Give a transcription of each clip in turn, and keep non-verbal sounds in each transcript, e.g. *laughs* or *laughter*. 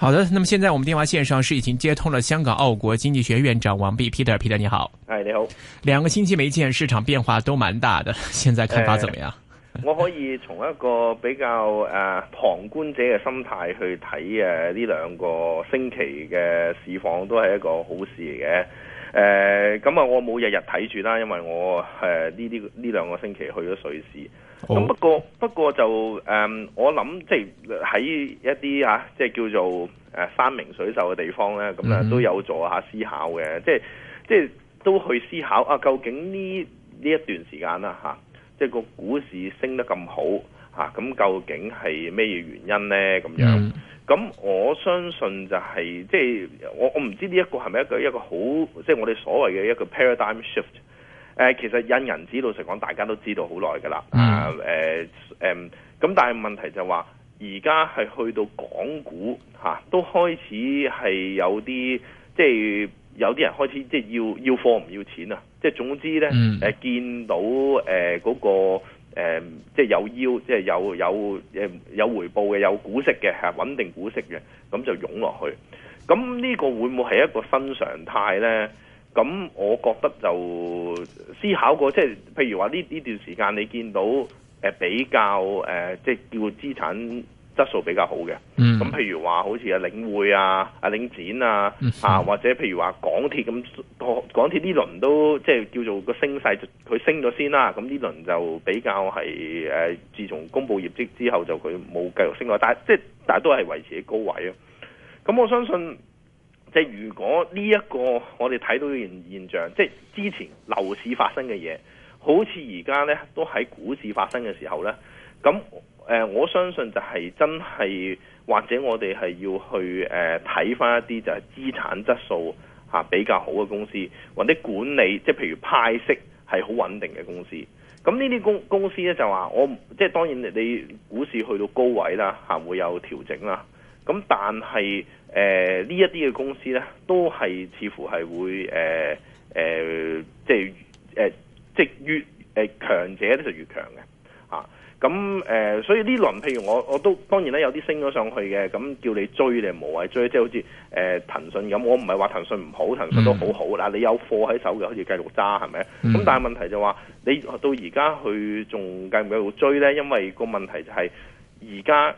好的，那麼現在我們電話線上是已經接通了香港澳國經濟學院長王弼 Peter，Peter 你好，係你好，兩個星期沒見，市場變化都蠻大的，現在看法怎麼樣？呃、我可以從一個比較誒、呃、旁觀者嘅心態去睇誒呢兩個星期嘅市況都係一個好事嚟嘅，誒咁啊我冇日日睇住啦，因為我誒呢啲呢兩個星期去咗瑞士。咁不過不過就誒、嗯，我諗即係喺一啲嚇，即、啊、係、就是、叫做誒山明水秀嘅地方咧，咁、嗯、咧都有做下思考嘅，即係即係都去思考啊！究竟呢呢一段時間啦嚇，即係個股市升得咁好嚇，咁、啊、究竟係咩嘢原因咧？咁樣咁我相信就係即係我我唔知呢一個係咪一個一個好即係我哋所謂嘅一個 paradigm shift。誒，其實印銀紙老實講，大家都知道好耐㗎啦。啊、mm. 呃，誒、呃，咁但係問題就係話，而家係去到港股嚇、啊，都開始係有啲，即係有啲人開始即係要要貨唔要錢啊！即係總之咧，誒、mm. 見到誒嗰、呃嗰個即係有腰，即係有 yield，即係有誒有，有回報嘅，有股息嘅，係穩定股息嘅，咁就湧落去。咁呢個會唔會係一個新常態咧？咁，我覺得就思考過，即係譬如話呢呢段時間，你見到比較即係、呃、叫資產質素比較好嘅。嗯。咁譬如話，好似啊領匯啊、啊領展啊，嗯、啊或者譬如話港鐵咁，港鐵呢輪都即係叫做個升勢，佢升咗先啦。咁呢輪就比較係、呃、自從公布業績之後，就佢冇繼續升咗。但係即係但係都係維持喺高位啊。咁我相信。即係如果呢一個我哋睇到嘅現現象，即係之前樓市發生嘅嘢，好似而家呢都喺股市發生嘅時候呢。咁誒，我相信就係真係或者我哋係要去誒睇翻一啲就係資產質素嚇比較好嘅公司，或者管理即係譬如派息係好穩定嘅公司。咁呢啲公公司呢，就話我即係當然你股市去到高位啦嚇，會有調整啦。咁但係，誒呢一啲嘅公司咧，都係似乎係會誒誒、呃呃，即係誒、呃，即係越誒、呃、強者咧就越強嘅，啊！咁、啊、誒，所以呢輪，譬如我我都當然咧，有啲升咗上去嘅，咁叫你追你無謂追，即係好似誒、呃、騰訊咁，我唔係話騰訊唔好，騰訊都好好嗱，你有貨喺手嘅，可以繼續揸，係咪？咁、嗯、但係問題就話，你到而家去仲繼唔繼續追咧，因為個問題就係而家。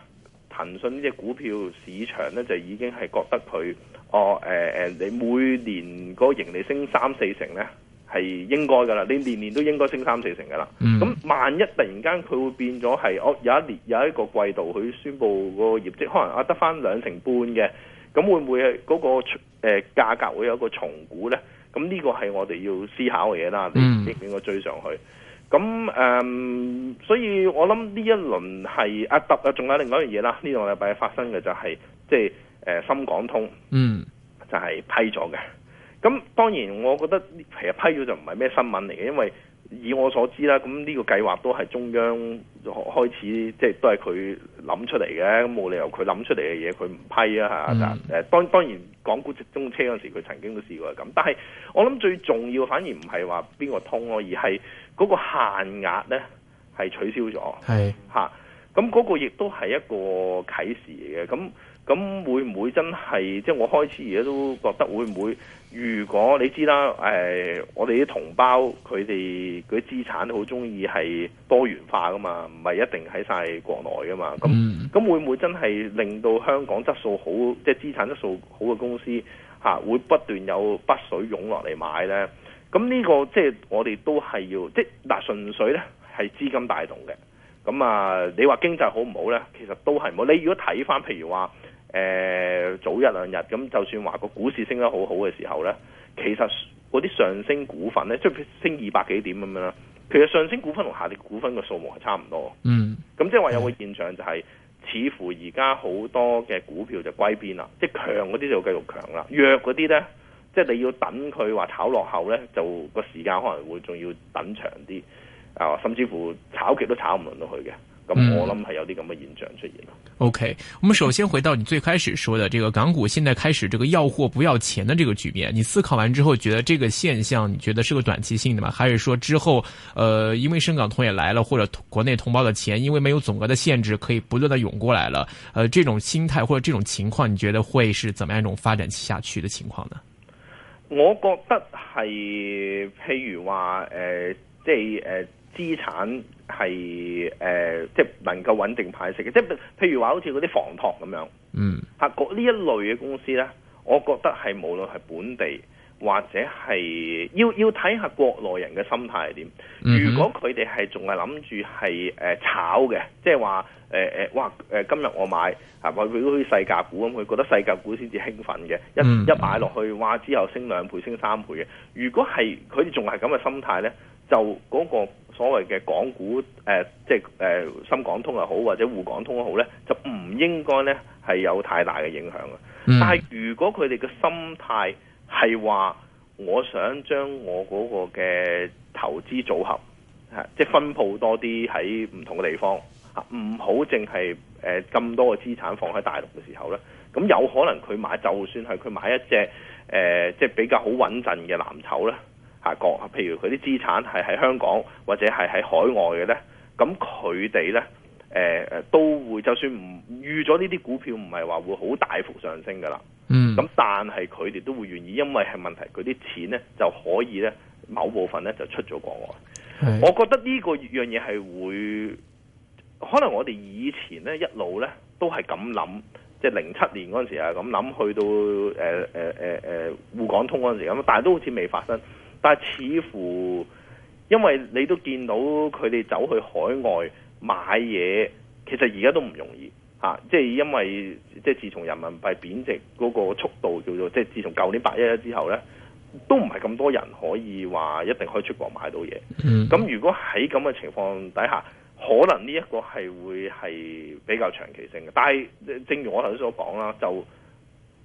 騰訊呢隻股票市場咧，就已經係覺得佢哦誒誒、呃，你每年個盈利升三四成咧，係應該㗎喇，你年年都應該升三四成㗎喇。咁、嗯、萬一突然間佢會變咗係，我有一年有一個季度佢宣布個業績，可能啊得返兩成半嘅，咁會唔會係嗰個價格會有一個重估咧？咁呢個係我哋要思考嘅嘢啦，你應唔應該追上去？嗯咁誒、嗯，所以我諗呢一輪係一揼啊，仲有另外一樣嘢啦。呢兩個禮拜發生嘅就係即係誒深港通，嗯，就係、是、批咗嘅。咁當然，我覺得其實批咗就唔係咩新聞嚟嘅，因為以我所知啦，咁呢個計劃都係中央開始，即、就、係、是、都係佢諗出嚟嘅，咁冇理由佢諗出嚟嘅嘢佢唔批啊嚇。誒、嗯呃，當然港股直通車嗰陣時，佢曾經都試過咁，但係我諗最重要反而唔係話邊個通咯，而係，嗰、那個限額呢係取消咗，咁嗰、啊那個亦都係一個啟示嚟嘅。咁咁會唔會真係，即係我開始而家都覺得會唔會？如果你知啦、呃，我哋啲同胞佢哋嗰啲資產好鍾意係多元化㗎嘛，唔係一定喺晒國內㗎嘛。咁咁、嗯、會唔會真係令到香港質素好，即係資產質素好嘅公司嚇、啊、會不斷有北水湧落嚟買呢？咁呢、呢個即係我哋都係要，即係嗱純粹咧係資金帶動嘅。咁啊，你話經濟好唔好咧？其實都係冇。你如果睇翻，譬如話、呃、早一兩日，咁就算話個股市升得好好嘅時候咧，其實嗰啲上升股份咧，即係升二百幾點咁樣啦。其實上升股份同下跌股份嘅數目係差唔多。嗯。咁即係話有個現象就係、係，似乎而家好多嘅股票就歸邊啦，即係強嗰啲就繼續強啦，弱嗰啲咧。即係你要等佢話炒落後呢，就個時間可能會仲要等長啲啊、呃，甚至乎炒極都炒唔到佢嘅。咁我諗係有啲咁嘅現象出現、嗯、OK，我們首先回到你最開始說的這個港股現在開始這個要貨不要錢的這個局面，你思考完之後，覺得這個現象，你覺得係個短期性的嘛？還是說之後，呃，因為深港通也來了，或者國內同胞嘅錢，因為沒有總額的限制，可以不斷地湧過嚟了，呃，這種心態或者這種情況，你覺得會是怎麼樣一種發展下去嘅情況呢？我覺得係譬如話誒、呃，即係即係誒、呃、資產係誒、呃，即係能夠穩定派息嘅，即係譬如話好似嗰啲房託咁樣，嗯，嚇，呢一類嘅公司咧，我覺得係無論係本地。或者係要要睇下國內人嘅心態係點。如果佢哋係仲係諗住係誒炒嘅，即係話誒誒，哇誒，今日我買係咪好似細價股咁？佢覺得細價股先至興奮嘅，一一買落去哇，之後升兩倍、升三倍嘅。如果係佢哋仲係咁嘅心態咧，就嗰個所謂嘅港股誒，即係誒深港通又好或者滬港通又好咧，就唔應該咧係有太大嘅影響嘅。Mm-hmm. 但係如果佢哋嘅心態，係話，我想將我嗰個嘅投資組合，嚇，即係分佈多啲喺唔同嘅地方，嚇，唔好淨係誒咁多嘅資產放喺大陸嘅時候咧。咁有可能佢買，就算係佢買一隻誒，即係比較好穩陣嘅藍籌咧，嚇，各譬如佢啲資產係喺香港或者係喺海外嘅咧，咁佢哋咧。誒誒，都會就算唔預咗呢啲股票唔係話會好大幅上升㗎喇，嗯，咁但係佢哋都會願意，因為係問題，佢啲錢咧就可以咧某部分咧就出咗國外。我覺得呢個樣嘢係會，可能我哋以前咧一路咧都係咁諗，即係零七年嗰陣時啊咁諗，去到誒誒誒誒滬港通嗰陣時咁，但係都好似未發生。但係似乎因為你都見到佢哋走去海外。買嘢其實而家都唔容易、啊、即係因為即係自從人民幣貶值嗰個速度叫做，即係自從舊年八一一之後呢，都唔係咁多人可以話一定可以出國買到嘢。咁、嗯、如果喺咁嘅情況底下，可能呢一個係會係比較長期性嘅。但係正如我頭先所講啦，就。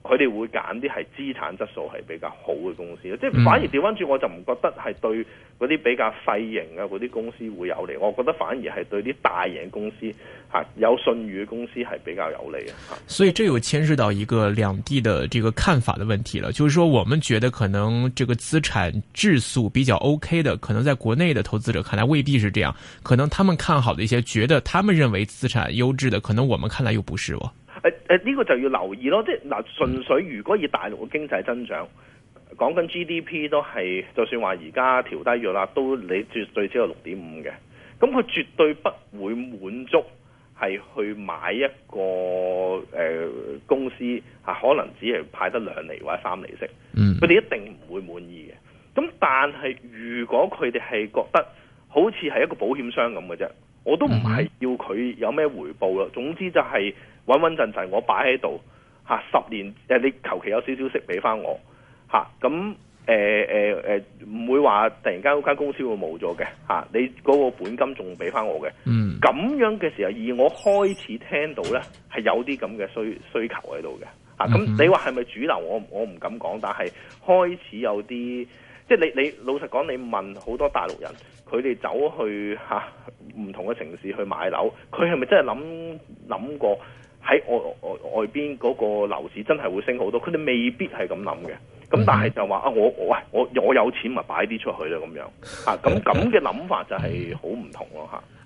佢哋會揀啲係資產質素係比較好嘅公司，即、嗯、係反而調翻轉，我就唔覺得係對嗰啲比較細型嘅嗰啲公司會有利，我覺得反而係對啲大型公司嚇有信譽嘅公司係比較有利嘅。所以這又牽涉到一個兩地的這個看法的問題了，就是說我們覺得可能這個資產質素比較 OK 的，可能在國內的投資者看來未必是這樣，可能他們看好的一些，覺得他們認為資產優質的，可能我們看來又不是喎、哦。誒、啊、誒，呢、啊，這個就要留意咯。即係嗱，純粹如果以大陸嘅經濟增長，講緊 GDP 都係，就算話而家調低咗啦，都你最少有六點五嘅。咁佢絕對不會滿足係去買一個誒、呃、公司啊，可能只係派得兩厘或者三厘息。佢、嗯、哋一定唔會滿意嘅。咁但係如果佢哋係覺得好似係一個保險商咁嘅啫，我都唔係要佢有咩回報咯。總之就係、是。穩穩陣陣我，我擺喺度十年，你求其有少少息俾翻我咁，誒誒，唔會話突然間嗰間公司會冇咗嘅，你嗰個本金仲俾翻我嘅，嗯，咁樣嘅時候，而我開始聽到咧係有啲咁嘅需需求喺度嘅嚇，咁你話係咪主流？我我唔敢講，但係開始有啲即係你你老實講，你問好多大陸人，佢哋走去嚇唔、啊、同嘅城市去買樓，佢係咪真係諗諗過？喺外外外邊嗰個樓市真係會升好多，佢哋未必係咁諗嘅。咁但係就話啊，我我喂我我有錢咪擺啲出去咯，咁樣吓。咁咁嘅諗法就係好唔同咯吓。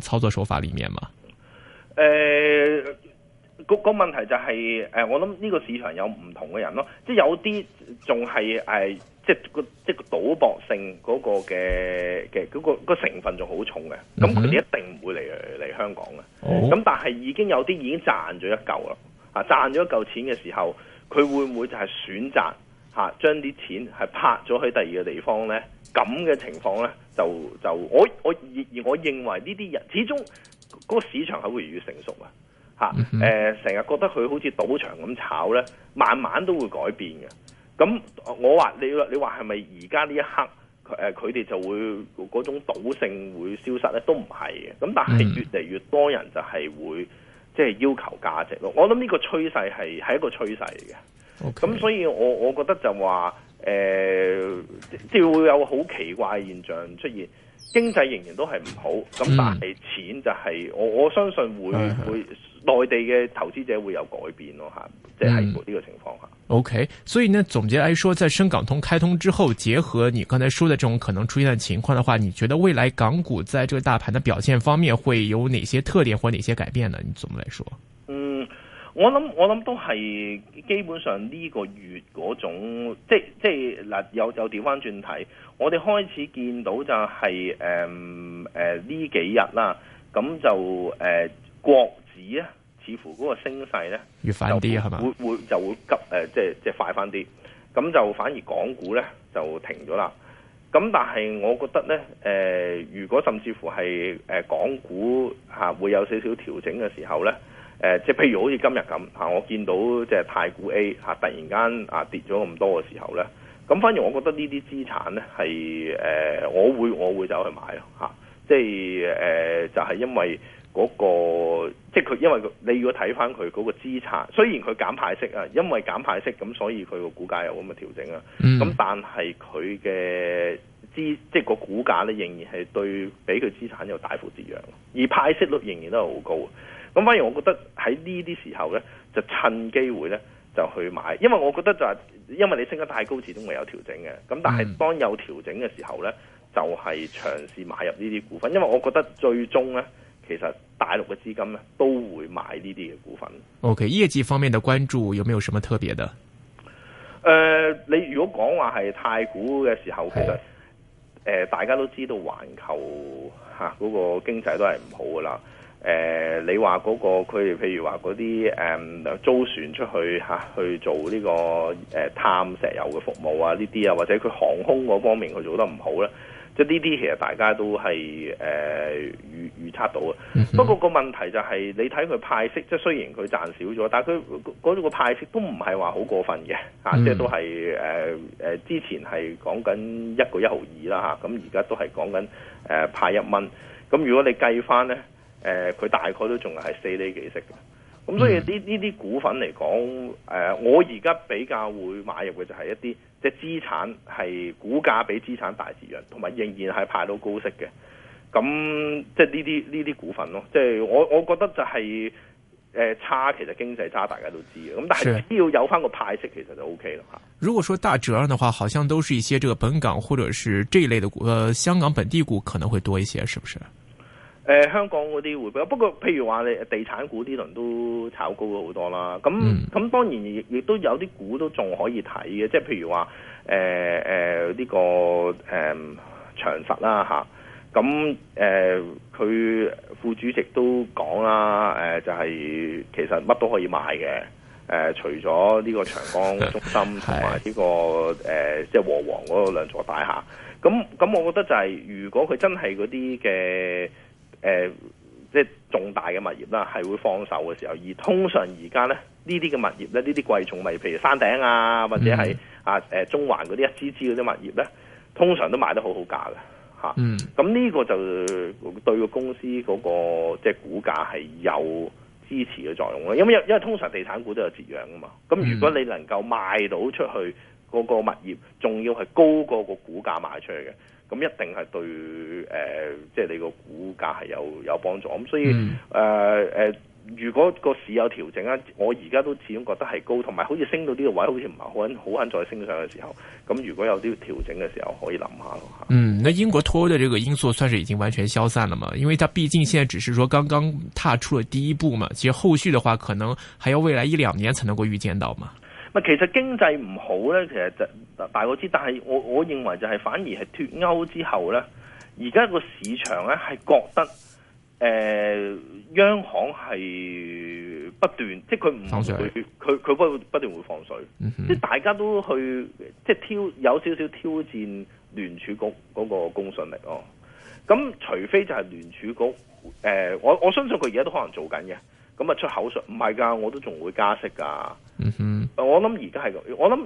操作手法裏面嘛，誒、呃，個個問題就係、是、誒，我諗呢個市場有唔同嘅人咯，即係有啲仲係誒，即係個即係賭博性嗰個嘅嘅嗰個、那個成分仲好重嘅，咁佢哋一定唔會嚟嚟香港嘅，咁、嗯、但係已經有啲已經賺咗一嚿啦，啊賺咗一嚿錢嘅時候，佢會唔會就係選擇吓將啲錢係拍咗去第二個地方咧？咁嘅情況咧？就就我我而而我認為呢啲人始終嗰個市場係會越成熟啊嚇，誒成日覺得佢好似賭場咁炒咧，慢慢都會改變嘅。咁我話你話你話係咪而家呢一刻，誒佢哋就會嗰種賭性會消失咧？都唔係嘅。咁但係越嚟越多人就係會即係、就是、要求價值咯。我諗呢個趨勢係係一個趨勢嚟嘅。咁、okay. 所以我我覺得就話。誒、呃，即係會有好奇怪嘅現象出現，經濟仍然都係唔好，咁但係錢就係、是、我、嗯、我相信會、嗯、會內地嘅投資者會有改變咯吓，即係呢個情況下。OK，所以呢總結來說，在深港通開通之後，結合你剛才說的這種可能出現的情況的話，你覺得未來港股在這個大盤的表現方面會有哪些特點或哪些改變呢？你怎麼來說？我諗我諗都係基本上呢個月嗰種，即即嗱，有又調翻轉睇，我哋開始見到就係誒誒呢幾日啦，咁就誒國指咧，似乎嗰個升勢咧越快啲係咪會會就會急、呃、即即快翻啲，咁就反而港股咧就停咗啦。咁但係我覺得咧誒、呃，如果甚至乎係港股嚇、啊、會有少少調整嘅時候咧。誒、呃，即係譬如好似今日咁、啊、我見到即係太古 A、啊、突然間啊跌咗咁多嘅時候咧，咁反而我覺得呢啲資產咧係誒，我會我會走去買咯即係誒就係、是呃就是、因為嗰、那個即係佢，因為你如果睇翻佢嗰個資產，雖然佢減派息啊，因為減派息咁，所以佢、嗯、個股價有咁嘅調整啊，咁但係佢嘅資即係個股價咧仍然係對俾佢資產有大幅折讓，而派息率仍然都係好高。咁反而我覺得喺呢啲時候呢，就趁機會呢，就去買，因為我覺得就係、是、因為你升得太高，始終會有調整嘅。咁但係當有調整嘅時候呢，就係嘗試買入呢啲股份，因為我覺得最終呢，其實大陸嘅資金呢都會買呢啲嘅股份。OK，業績方面嘅關注有沒有什麼特別的？誒、呃，你如果講話係太古嘅時候，其實、呃、大家都知道，環球嗰個經濟都係唔好㗎喇。誒、呃，你話嗰、那個佢，譬如話嗰啲誒租船出去嚇、啊、去做呢、這個誒、呃、探石油嘅服務啊，呢啲啊，或者佢航空嗰方面佢做得唔好啦。即係呢啲其實大家都係誒預預測到嘅。Mm-hmm. 不過個問題就係、是、你睇佢派息，即係雖然佢賺少咗，但係佢嗰個派息都唔係話好過分嘅嚇，即係都係誒誒之前係講緊一個一毫二啦嚇，咁而家都係講緊誒派一蚊。咁如果你計翻咧？誒、呃、佢大概都仲係四厘幾息嘅，咁所以呢呢啲股份嚟講，誒、呃、我而家比較會買入嘅就係一啲即係資產係股價比資產大自嘅，同埋仍然係派到高息嘅，咁即係呢啲呢啲股份咯。即係我我覺得就係、是、誒、呃、差，其實經濟差大家都知嘅，咁但係只要有返個派息，其實就 O K 啦吓。如果說大折嘅話，好像都是一些這個本港或者是這一類的股、呃，香港本地股可能會多一些，是不是？誒、呃、香港嗰啲回報，不過譬如話你地產股呢輪都炒高咗好多啦。咁咁、嗯、當然亦都有啲股都仲可以睇嘅，即係譬如話誒誒呢個誒、呃、長實啦嚇。咁誒佢副主席都講啦，誒、呃、就係、是、其實乜都可以買嘅。誒、呃、除咗呢個長江中心同埋呢個誒即係和黃嗰兩座大廈。咁咁我覺得就係、是、如果佢真係嗰啲嘅。誒、呃，即係重大嘅物業啦，係會放手嘅時候。而通常而家咧，呢啲嘅物業咧，呢啲貴重物業，譬如山頂啊，或者係啊誒、呃、中環嗰啲一支支嗰啲物業咧，通常都賣得好好價嘅嚇。咁、嗯、呢、啊、個就對個公司嗰、那個即係、就是、股價係有支持嘅作用咯。因為因為通常地產股都有折讓噶嘛。咁如果你能夠賣到出去嗰個物業，仲要係高過個股價賣出去嘅。咁一定係對誒，即、呃、係、就是，你個股價係有有幫助。咁所以誒誒、呃呃，如果個市有調整咧，我而家都始終覺得係高，同埋好似升到呢個位，好似唔係好肯好肯再升上嘅時候，咁如果有啲調整嘅時候，可以諗下咯吓。嗯，那英國脱歐嘅呢個因素算是已經完全消散了嗎？因為它畢竟現在只是說剛剛踏出了第一步嘛，其實後續的話，可能還要未來一兩年才能夠預見到嘛。其實經濟唔好呢，其實就大家知。但係我我認為就係反而係脱歐之後呢，而家個市場呢，係覺得，誒、呃、央行係不斷，即係佢唔佢佢佢不佢佢不，不斷會放水，即、嗯、係大家都去即係挑有少少挑戰聯儲局嗰個公信力囉。咁除非就係聯儲局，誒、呃、我我相信佢而家都可能做緊嘅。咁啊出口術唔係噶，我都仲會加息噶、mm-hmm.。我諗而家係咁，我諗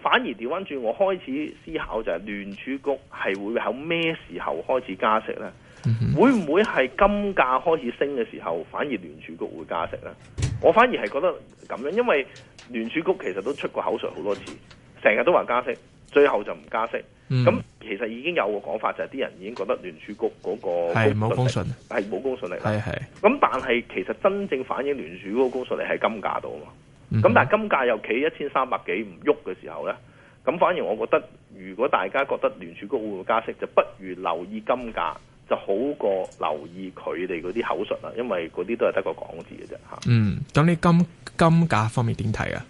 反而調翻轉，我開始思考就係聯儲局係會喺咩時候開始加息呢？Mm-hmm. 會唔會係金價開始升嘅時候，反而聯儲局會加息呢？我反而係覺得咁樣，因為聯儲局其實都出過口術好多次，成日都話加息，最後就唔加息。咁、嗯、其實已經有個講法，就係、是、啲人已經覺得聯儲局嗰個係冇公信，係冇公信力。係係。咁但係其實真正反映聯儲嗰個公信力係金價度啊嘛。咁、嗯、但係金價又企一千三百幾唔喐嘅時候咧，咁反而我覺得，如果大家覺得聯儲局會有加息，就不如留意金價，就好過留意佢哋嗰啲口述啦，因為嗰啲都係得個講字嘅啫嚇。嗯，咁你金金價方面點睇啊？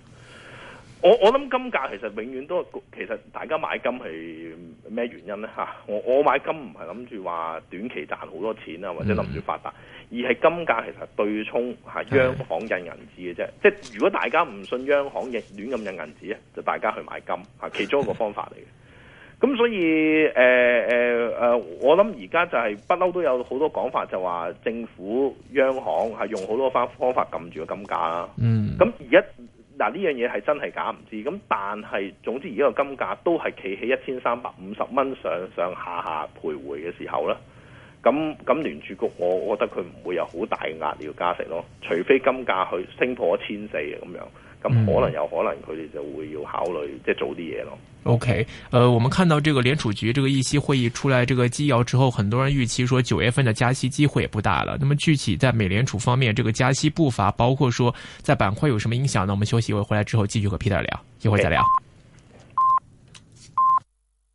我我諗金價其實永遠都係，其實大家買金係咩原因咧吓、啊？我我買金唔係諗住話短期賺好多錢啊，或者諗住發達，mm-hmm. 而係金價其實係對沖吓、啊，央行印銀紙嘅啫。Mm-hmm. 即係如果大家唔信央行印亂咁印銀紙咧，就大家去買金吓、啊，其中一個方法嚟嘅。咁 *laughs* 所以誒誒誒，我諗而家就係不嬲都有好多講法，就話政府央行係、啊、用好多方方法撳住個金價啦。嗯、mm-hmm.，咁而家。嗱，呢樣嘢係真係假唔知，咁但係總之而家個金價都係企喺一千三百五十蚊上上下下徘徊嘅時候咧，咁咁聯儲局我覺得佢唔會有好大嘅壓力要加息咯，除非金價去升破一千四嘅咁樣。咁、嗯、可能有可能佢哋就會要考慮即係做啲嘢咯。O、okay, K，呃，我們看到這個聯儲局這個議息會議出來這個紀要之後，很多人預期說九月份的加息機會也不大了。那麼具體在美聯儲方面，這個加息步伐，包括說在板塊有什麼影響呢？我們休息一會回來之後繼續和 Peter 聊，一會再聊。Okay.